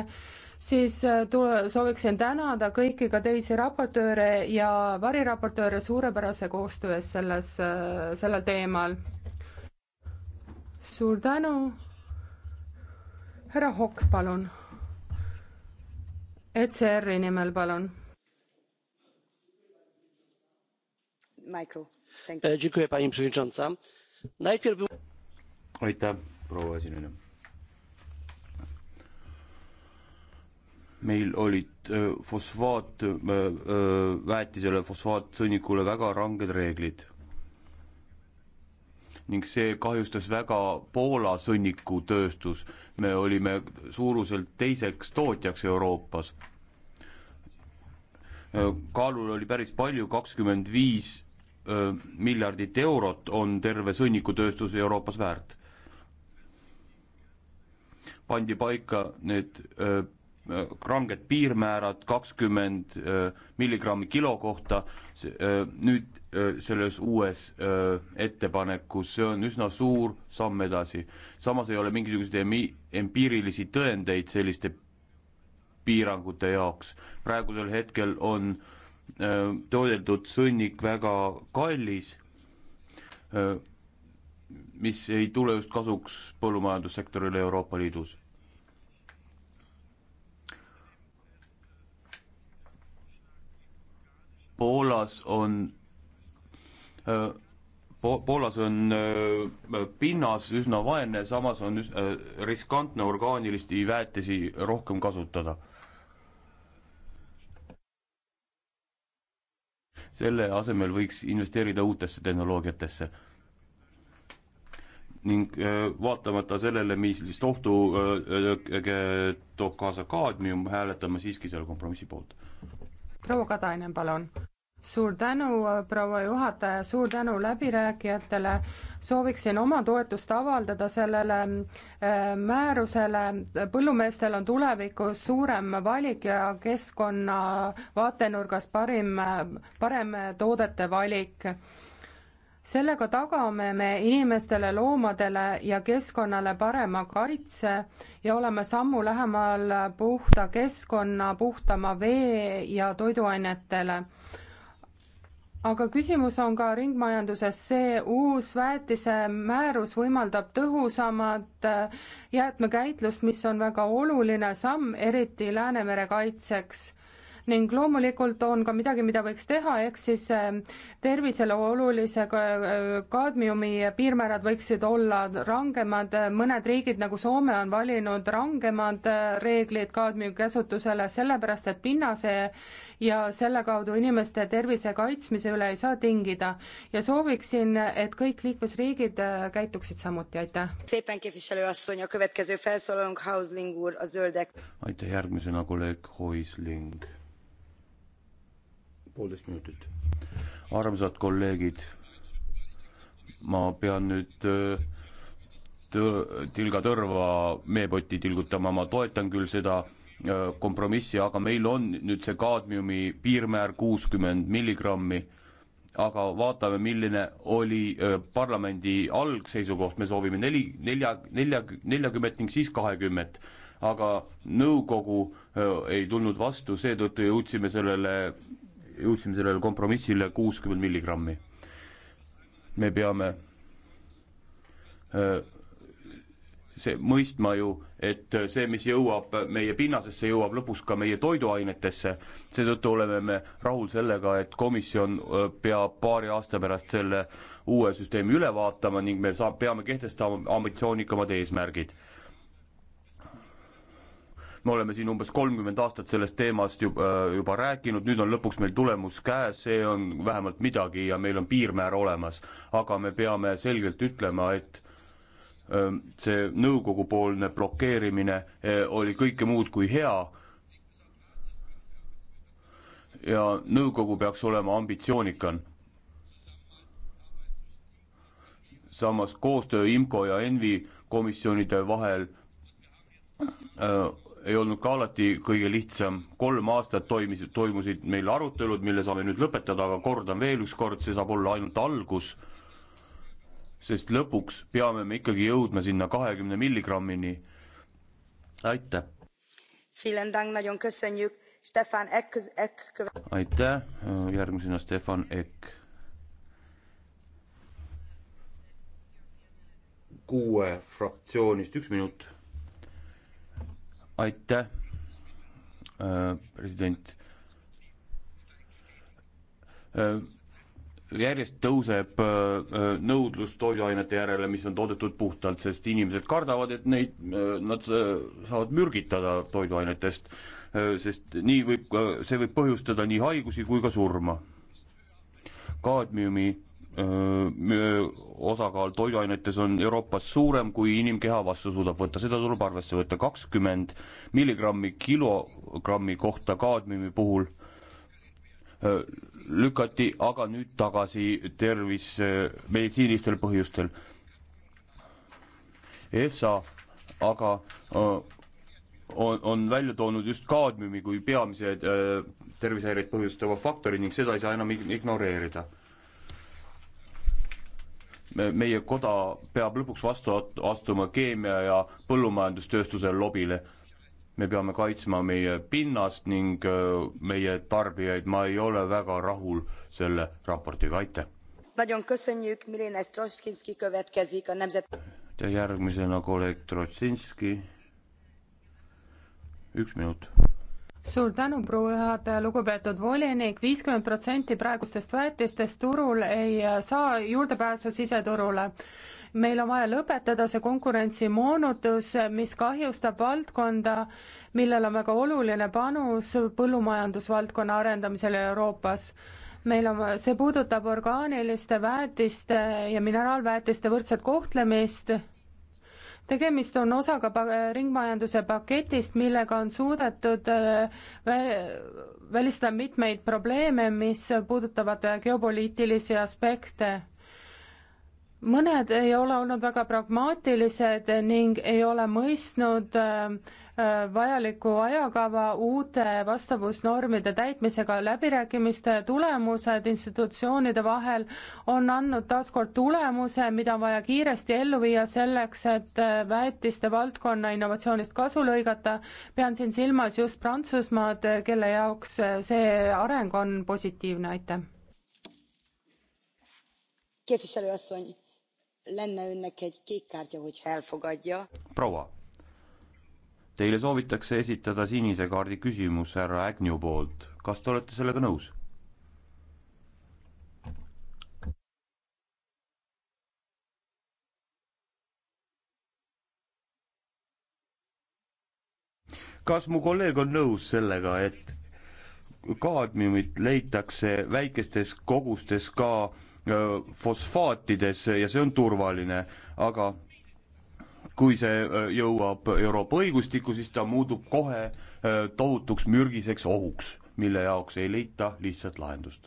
siis äh, tule, sooviksin tänada kõiki ka teisi raportööre ja variraportööre suurepärase koostöö eest selles, äh, sellel teemal. suur tänu. härra Hokk, palun. ECR-i nimel, palun.
E,
aitäh, proua esineja meil olid äh, fosfaat, äh, äh, väetisele, fosfaatsõnnikule väga ranged reeglid. ning see kahjustas väga Poola sõnnikutööstus, me olime suuruselt teiseks tootjaks Euroopas. kaalul oli päris palju, kakskümmend viis miljardit eurot on terve sõnnikutööstus Euroopas väärt. pandi paika need öö, Äh, ranged piirmäärad, kakskümmend äh, milligrammi kilo kohta, äh, nüüd selles uues ettepanekus, see on üsna suur samm edasi. samas ei ole mingisuguseid emi-, empiirilisi tõendeid selliste piirangute jaoks. praegusel hetkel on toodetud sõnnik väga kallis, mis ei tule just kasuks põllumajandussektorile Euroopa Liidus Poolas on äh, po-, Poolas on öö, äh, pinnas üsna vaene, samas on üs-, äh, riskantne orgaanilisi väetisi rohkem kasutada. selle asemel võiks investeerida uutesse tehnoloogiatesse. ning öö, vaatamata sellele, millist ohtu öö, toob kaasa kaadmium, hääletame siiski selle kompromissi poolt
proua Katainen, palun. suur tänu, äh, proua juhataja, suur tänu läbirääkijatele. sooviksin oma toetust avaldada sellele äh, määrusele. põllumeestel on tulevikus suurem valik ja keskkonna vaatenurgast parim, äh, parem toodete valik sellega tagame me inimestele, loomadele ja keskkonnale parema kaitse ja oleme sammu lähemal puhta keskkonna, puhtama vee ja toiduainetele aga küsimus on ka ringmajanduses see uus väetise määrus võimaldab tõhusamat jäätmekäitlust, mis on väga oluline samm, eriti Läänemere kaitseks ning loomulikult on ka midagi, mida võiks teha, ehk siis äh, tervisele olulise kaadmiumi äh, piirmäärad võiksid olla rangemad, mõned riigid nagu Soome on valinud rangemad äh, reeglid kaadmiumi käsutusele, sellepärast et pinnase ja selle kaudu inimeste tervise kaitsmise üle ei saa tingida. ja sooviksin, et kõik liikmesriigid käituksid samuti, aitäh.
aitäh, järgmisena kolleeg Hoisling poolteist minutit. armsad kolleegid, ma pean nüüd äh, tõ-, tilga tõrva meepotti tilgutama, ma toetan küll seda äh, kompromissi, aga meil on nüüd see kaadmiumi piirmäär kuuskümmend milligrammi, aga vaatame, milline oli äh, parlamendi algseisukoht, me soovime neli, nelja, nelja, neljakümmet ning siis kahekümmet. aga nõukogu ei tulnud vastu, seetõttu jõudsime sellele jõudsime sellele kompromissile kuuskümmend milligrammi. me peame äh, see mõistma ju, et see, mis jõuab meie pinnasesse, jõuab lõpuks ka meie toiduainetesse. seetõttu oleme me rahul sellega, et komisjon äh, peab paari aasta pärast selle uue süsteemi üle vaatama ning me saab, peame kehtestama ambitsioonikamad eesmärgid me oleme siin umbes kolmkümmend aastat sellest teemast juba, äh, juba rääkinud, nüüd on lõpuks meil tulemus käes, see on vähemalt midagi ja meil on piirmäär olemas. aga me peame selgelt ütlema, et ähm, see nõukogupoolne blokeerimine äh, oli kõike muud kui hea ja nõukogu peaks olema ambitsioonikam. samas koostöö IMCO ja ENVI komisjonide vahel öö, äh, ei olnud ka alati kõige lihtsam, kolm aastat toimisid, toimusid meil arutelud, mille saame nüüd lõpetada, aga kordan veel ükskord, see saab olla ainult algus, sest lõpuks peame me ikkagi jõudma sinna kahekümne milligrammini. aitäh! aitäh, järgmisena Stefan Ekk. kuue fraktsioonist üks minut aitäh, äh, president. Äh, järjest tõuseb äh, nõudlus toiduainete järele, mis on toodetud puhtalt, sest inimesed kardavad, et neid, nad saavad mürgitada toiduainetest, sest nii võib, see võib põhjustada nii haigusi kui ka surma. kaadmiumi osakaal toiduainetes on Euroopas suurem, kui inimkeha vastu suudab võtta, seda tuleb arvesse võtta, kakskümmend milligrammi kilogrammi kohta kaadmiumi puhul lükati aga nüüd tagasi tervise, meditsiinilistel põhjustel. EFSA aga on, on välja toonud just kaadmiumi kui peamise tervisehäireid põhjustava faktori ning seda ei saa enam ignoreerida meie koda peab lõpuks vastu astuma keemia ja põllumajandustööstuse lobile. me peame kaitsma meie pinnast ning meie tarbijaid, ma ei ole väga rahul selle raportiga, aitäh. ja järgmisena kolleeg Trotsinski. üks minut
suur tänu, proua juhataja, lugupeetud
volinik, viiskümmend protsenti praegustest väetistest turul ei saa juurdepääsu siseturule meil on vaja lõpetada see konkurentsimoonutus, mis kahjustab valdkonda, millel on väga oluline panus põllumajandusvaldkonna arendamisel Euroopas. meil on, see puudutab orgaaniliste väetiste ja mineraalväetiste võrdset kohtlemist tegemist on osaga ringmajanduse paketist, millega on suudetud äh, välistada mitmeid probleeme, mis puudutavad geopoliitilisi aspekte. mõned ei ole olnud väga pragmaatilised ning ei ole mõistnud äh, vajaliku ajakava uute vastavusnormide täitmisega. läbirääkimiste tulemused institutsioonide vahel on andnud taaskord tulemuse, mida on vaja kiiresti ellu viia selleks, et väetiste valdkonna innovatsioonist kasu lõigata. pean siin silmas just Prantsusmaad, kelle jaoks see areng on positiivne, aitäh.
proua Teile soovitakse esitada sinise kaardi küsimus härra Agnew poolt. kas te olete sellega nõus? kas mu kolleeg on nõus sellega, et kaadmiumit leitakse väikestes kogustes ka äh, fosfaatides ja see on turvaline, aga kui see äh, jõuab Euroopa õigustikku, siis ta muutub kohe äh, tohutuks mürgiseks ohuks, mille jaoks ei leita lihtsat lahendust.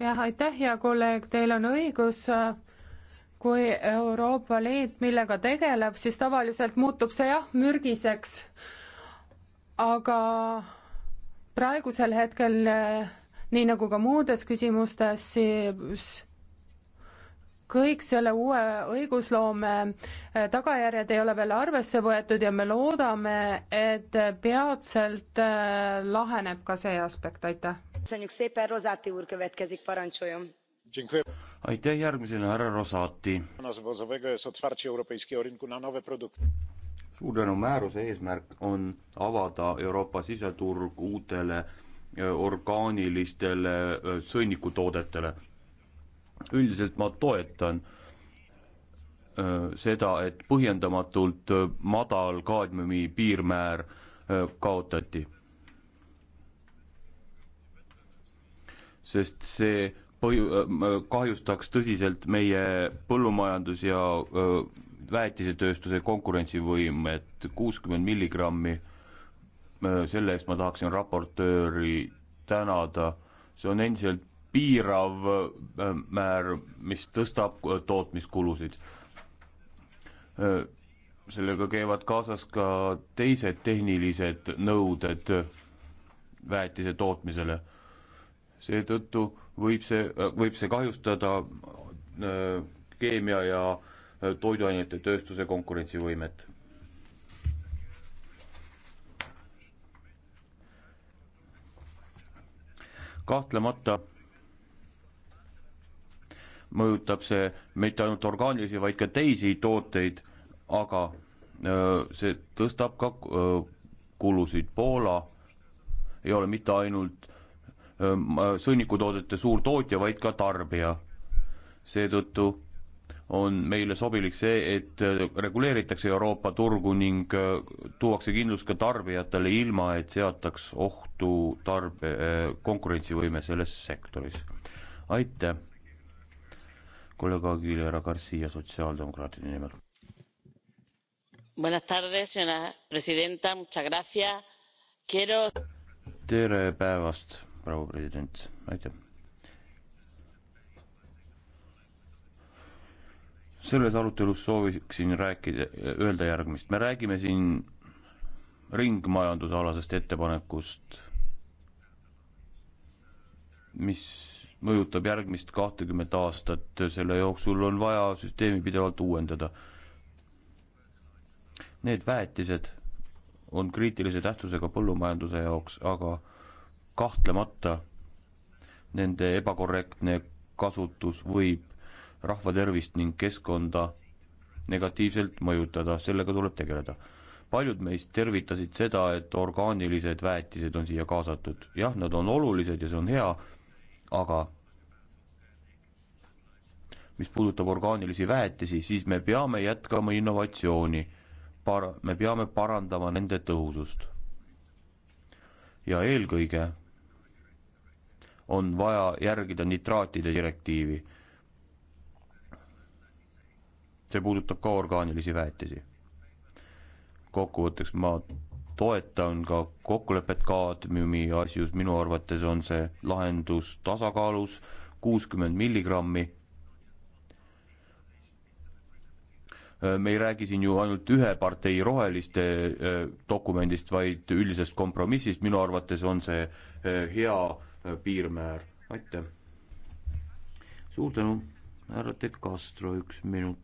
jah, aitäh, hea kolleeg, teil on õigus kui Euroopa Liit millega tegeleb, siis tavaliselt muutub see jah, mürgiseks. aga praegusel hetkel, nii nagu ka muudes küsimustes, siis kõik selle uue õigusloome äh, tagajärjed ei ole veel arvesse võetud ja me loodame, et peatselt äh, laheneb ka see aspekt, aitäh.
aitäh, järgmisena härra Rosati suur tänu, määruse eesmärk on avada Euroopa siseturg uutele orgaanilistele sõnnikutoodetele. üldiselt ma toetan seda, et põhjendamatult madal kaadmiumi piirmäär kaotati. sest see põhju-, kahjustaks tõsiselt meie põllumajandus- ja väetisetööstuse konkurentsivõimet, kuuskümmend milligrammi, äh, selle eest ma tahaksin raportööri tänada, see on endiselt piirav äh, määr, mis tõstab äh, tootmiskulusid. sellega käivad kaasas ka teised tehnilised nõuded väetise tootmisele. seetõttu võib see, võib see kahjustada keemia ja toiduainete tööstuse konkurentsivõimet. kahtlemata mõjutab see mitte ainult orgaanilisi, vaid ka teisi tooteid, aga see tõstab ka kulusid. Poola ei ole mitte ainult sõnnikutoodete suur tootja, vaid ka tarbija. seetõttu on meile sobilik see, et äh, reguleeritakse Euroopa turgu ning äh, tuuakse kindlust ka tarbijatele, ilma et seataks ohtu tarb-, äh, konkurentsivõime selles sektoris. aitäh, kolleeg Aguilera Garcia sotsiaaldemokraatide nimel.
Buenas tardes, señora presidenta, muchas gracias. Quiero.
tere päevast, proua president, aitäh selles arutelus sooviksin rääkida, öelda järgmist, me räägime siin ringmajandusalasest ettepanekust, mis mõjutab järgmist kahtekümmet aastat, selle jooksul on vaja süsteemi pidevalt uuendada. Need väetised on kriitilise tähtsusega põllumajanduse jaoks, aga kahtlemata nende ebakorrektne kasutus võib rahva tervist ning keskkonda negatiivselt mõjutada, sellega tuleb tegeleda. paljud meist tervitasid seda, et orgaanilised väetised on siia kaasatud. jah, nad on olulised ja see on hea, aga mis puudutab orgaanilisi väetisi, siis me peame jätkama innovatsiooni. Par-, me peame parandama nende tõhusust. ja eelkõige on vaja järgida nitraatide direktiivi see puudutab ka orgaanilisi väetisi. kokkuvõtteks ma toetan ka kokkulepet kaadmiumi asjus, minu arvates on see lahendus tasakaalus, kuuskümmend milligrammi. me ei räägi siin ju ainult ühe partei roheliste äh, dokumendist, vaid üldisest kompromissist, minu arvates on see äh, hea äh, piirmäär, aitäh. suur tänu, härra De Castro, üks minut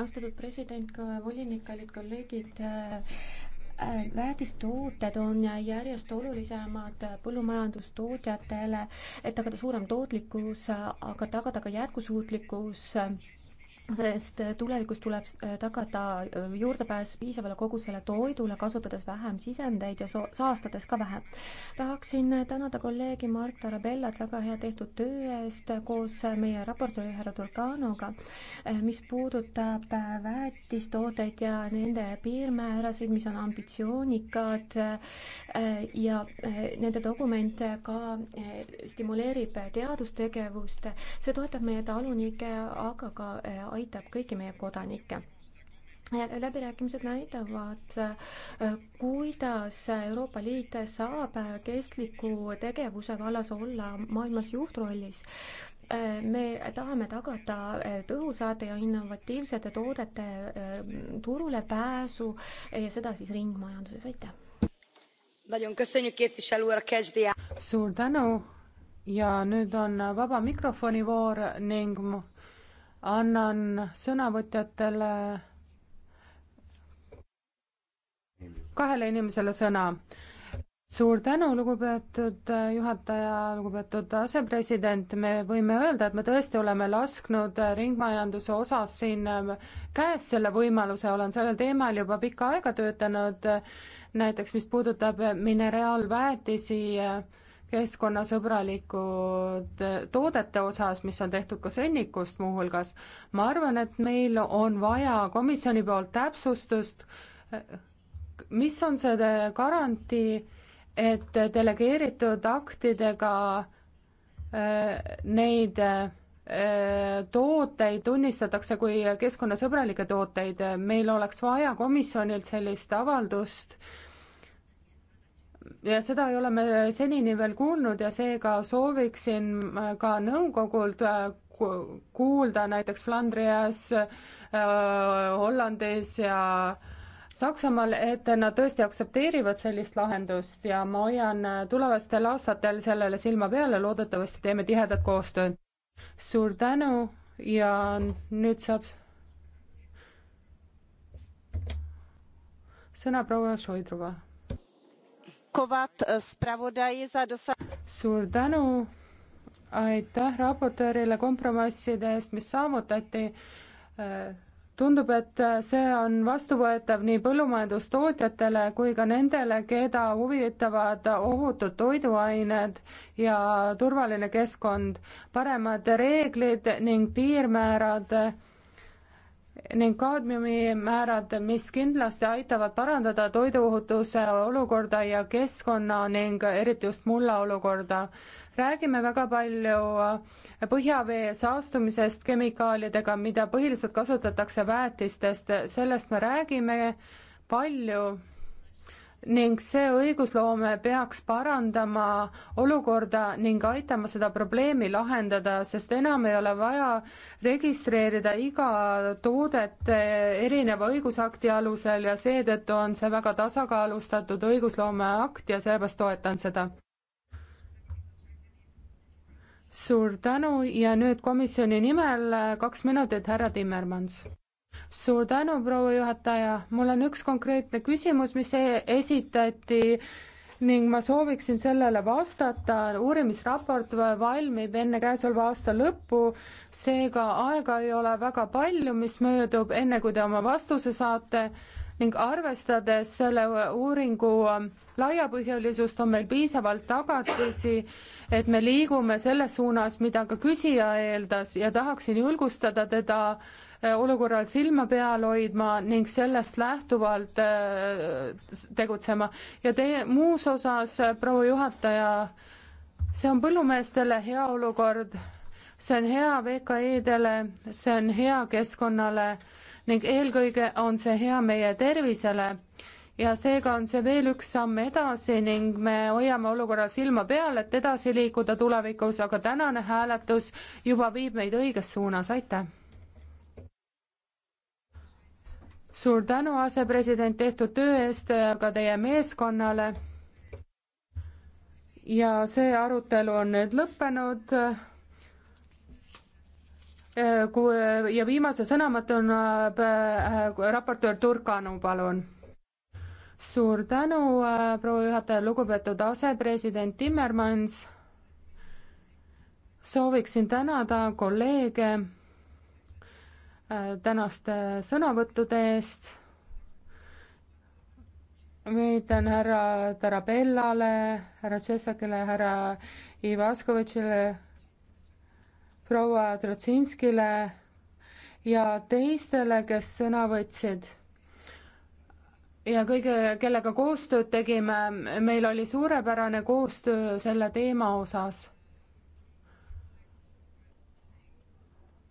austatud president, volinik, kallid kolleegid äh, äh, väetistooted on järjest olulisemad põllumajandustootjatele, et tagada suurem tootlikkus, aga tagada ka jätkusuutlikkus sest äh, tulevikus tuleb äh, tagada äh, juurdepääs piisavale kogusele toidule, kasutades vähem sisendeid ja so-, saastades ka vähem. tahaksin tänada kolleegi Mark Tarabellat väga hea tehtud töö eest koos meie raportööri härra Turkanoga, mis puudutab väetistooteid ja nende piirmäärasid, mis on ambitsioonikad ja nende dokument ka stimuleerib teadustegevust, see toetab meie talunikke, aga ka aitab kõiki meie kodanikke läbirääkimised näitavad, äh, kuidas Euroopa Liit saab kestliku tegevuse vallas olla maailmas juhtrollis. Äh, me tahame tagada äh, tõhusate ja innovatiivsete toodete turule pääsu ja seda siis ringmajanduses, aitäh.
suur tänu ja nüüd on vaba mikrofoni voor ning annan sõnavõtjatele kahele inimesele sõna. suur tänu, lugupeetud juhataja, lugupeetud asepresident, me võime öelda, et me tõesti oleme lasknud ringmajanduse osas siin käes selle võimaluse, olen sellel teemal juba pikka aega töötanud, näiteks mis puudutab mineraalväetisi, keskkonnasõbralikud toodete osas, mis on tehtud ka sõnnikust muuhulgas. ma arvan, et meil on vaja komisjoni poolt täpsustust, mis on see garantii, et delegeeritud aktidega äh, neid äh, tooteid tunnistatakse kui keskkonnasõbralikke tooteid, meil oleks vaja komisjonilt sellist avaldust äh, ja seda ei ole me senini veel kuulnud ja seega sooviksin ka nõukogult äh, kuulda näiteks Flandrias, äh, Hollandis ja Saksamaal, et nad tõesti aktsepteerivad sellist lahendust ja ma hoian äh, tulevastel aastatel sellele silma peal ja loodetavasti teeme tihedat koostööd. suur tänu ja nüüd saab sõna proua Šoidrova
poděkovat eh, zpravodaji za dosaženou.
suur tänu, aitäh raportöörile kompromisside eest, mis saavutati. Eh, tundub, et eh, see on vastuvõetav nii põllumajandustootjatele kui ka nendele, keda huvitavad ohutud toiduained ja turvaline keskkond, paremad reeglid ning piirmäärad ning kaadmiumi määrad, mis kindlasti aitavad parandada toiduohutuse olukorda ja keskkonna ning eriti just mulla olukorda. räägime väga palju põhjavee saastumisest kemikaalidega, mida põhiliselt kasutatakse väetistest, sellest me räägime palju ning see õigusloome peaks parandama olukorda ning aitama seda probleemi lahendada, sest enam ei ole vaja registreerida iga toodet erineva õigusakti alusel ja seetõttu on see väga tasakaalustatud õigusloomeakt ja sellepärast toetan seda. suur tänu ja nüüd komisjoni nimel kaks minutit, härra Timmermans suur tänu, proua juhataja, mul on üks konkreetne küsimus, mis e-, esitati ning ma sooviksin sellele vastata, uurimisraport valmib enne käesoleva aasta lõppu, seega aega ei ole väga palju, mis möödub, enne kui te oma vastuse saate ning arvestades selle uuringu um, laiapõhjalisust, on meil piisavalt tagatisi, et me liigume selles suunas, mida ka küsija eeldas ja tahaksin julgustada teda äh, Äh, olukorral silma peal hoidma ning sellest lähtuvalt äh, tegutsema. ja teie muus osas, äh, proua juhataja, see on põllumeestele hea olukord, see on hea VKI-dele, see on hea keskkonnale ning eelkõige on see hea meie tervisele ja seega on see veel üks samm edasi ning me hoiame olukorra silma peal, et edasi liikuda tulevikus, aga tänane hääletus juba viib meid õiges suunas, aitäh! suur tänu, asepresident, tehtud töö eest ka teie meeskonnale. ja see arutelu on nüüd lõppenud. Äh, ja viimase sõnavõtuna äh, raportöör Turkanu, palun. suur tänu, äh, proua juhataja, lugupeetud asepresident Timmermans sooviksin tänada kolleege Äh, tänaste sõnavõttude eest. ma viitan härra Tarabellale, härra Tšesakile, härra Ivaskovitšile, proua Trotsinskile ja teistele, kes sõna võtsid ja kõige, kellega koostööd tegime, meil oli suurepärane koostöö selle teema osas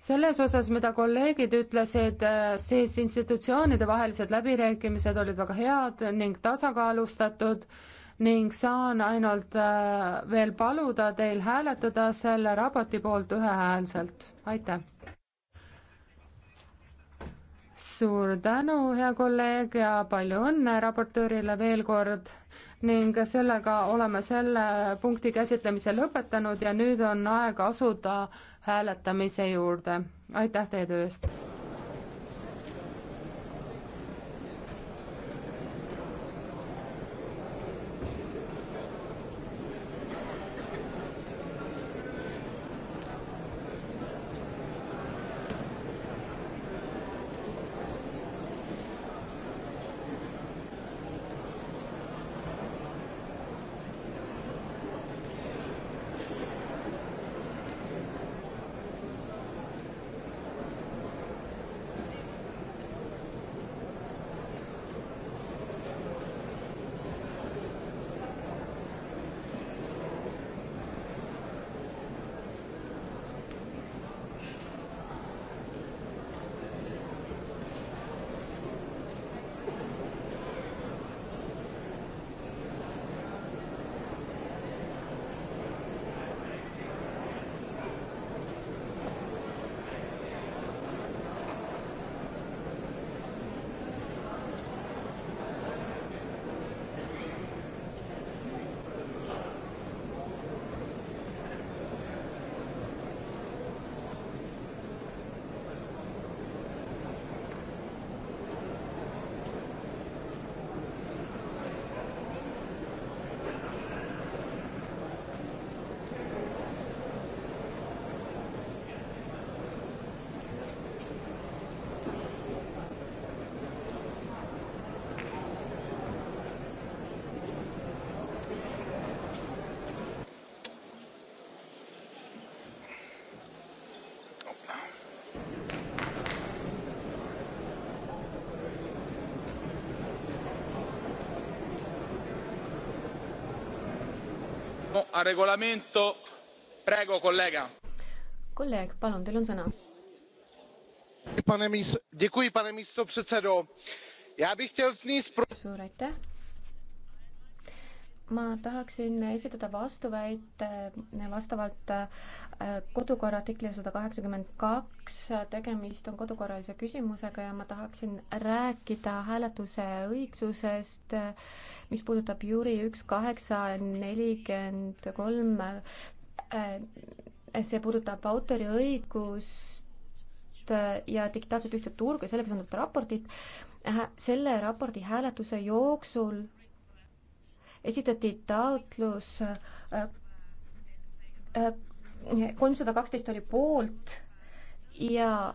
selles osas, mida kolleegid ütlesid, äh, siis institutsioonide vahelised läbirääkimised olid väga head ning tasakaalustatud ning saan ainult äh, veel paluda teil hääletada selle raporti poolt ühehäälselt, aitäh. suur tänu, hea kolleeg ja palju õnne raportöörile veel kord ning sellega oleme selle punkti käsitlemise lõpetanud ja nüüd on aeg asuda hääletamise juurde. aitäh teie töö eest!
no, a regolamento. Prego, kolleega.
kolleeg, palun, teil on sõna.
pane mis-, děkuji, pane místo předsedo. Já bych chtěl vznést.
suur aitäh ma tahaksin esitada vastuväite vastavalt äh, kodukorra artiklile sada kaheksakümmend kaks, tegemist on kodukorralise küsimusega ja ma tahaksin rääkida hääletuse õigsusest, mis puudutab Jüri üks kaheksa nelikümmend kolm. Äh, see puudutab autoriõigust äh, ja digitaalset ühtset turgu ja sellega seonduvat raportit. selle raporti hääletuse jooksul esitati taotlus äh, äh, kolmsada kaksteist oli poolt ja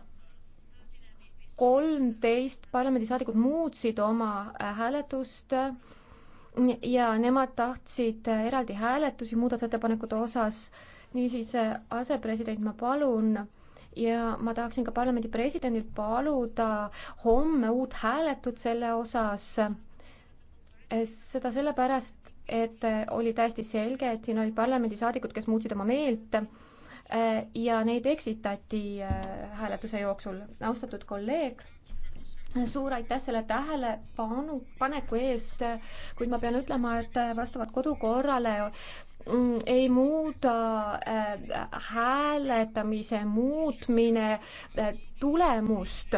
kolmteist parlamendisaadikut muutsid oma äh, hääletust ja nemad tahtsid eraldi hääletusi muudatusettepanekute osas. niisiis, asepresident, ma palun ja ma tahaksin ka parlamendi presidendilt paluda homme uut hääletut selle osas. seda sellepärast, et äh, oli täiesti selge, et siin olid parlamendisaadikud, kes muutsid oma meelt äh, ja neid eksitati äh, hääletuse jooksul. austatud kolleeg, suur aitäh selle tähelepanu paneku eest, kuid ma pean ütlema, et vastavalt kodukorrale mm, ei muuda hääletamise muutmine tulemust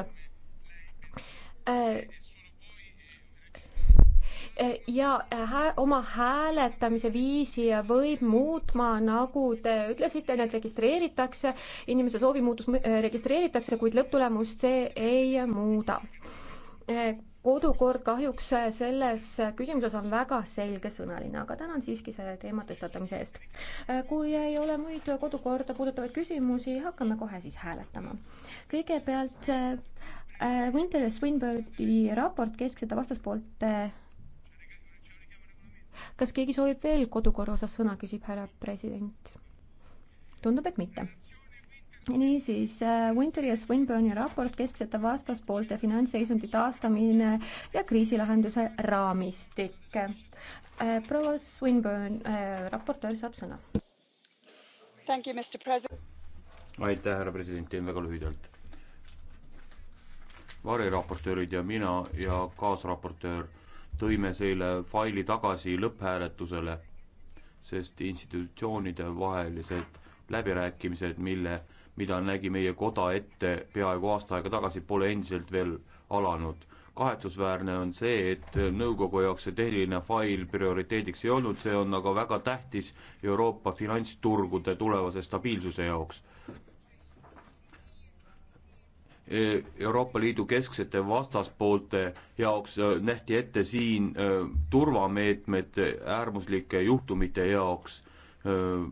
ja äh, hää, oma hääletamise viisi võib muutma, nagu te ütlesite, need registreeritakse, inimese soovi muutus äh, registreeritakse, kuid lõpptulemust see ei muuda. Äh, kodukord kahjuks selles küsimuses on väga selgesõnaline, aga tänan siiski selle teema tõstatamise eest. kui ei ole muid kodukorda puudutavaid küsimusi, hakkame kohe siis hääletama. kõigepealt Winter ja Swinburne'i raport kesksete vastaspoolte kas keegi soovib veel kodukorra osas sõna, küsib härra president. tundub, et mitte niisiis äh, Winteri ja Swinburne'i raport kesksete vastaspoolte finantsseisundi taastamine ja kriisilahenduse raamistik. Äh, proua Swinburne, äh, raportöör saab sõna.
aitäh, härra president, teen väga lühidalt. variraportöörid ja mina ja kaasraportöör tõime selle faili tagasi lõpphääletusele, sest institutsioonide vahelised läbirääkimised, mille, mida nägi meie koda ette peaaegu aasta aega tagasi, pole endiselt veel alanud. kahetsusväärne on see, et nõukogu jaoks see tehniline fail prioriteediks ei olnud, see on aga väga tähtis Euroopa finantsturgude tulevase stabiilsuse jaoks E, Euroopa Liidu kesksete vastaspoolte jaoks e, nähti ette siin e, turvameetmed äärmuslike juhtumite jaoks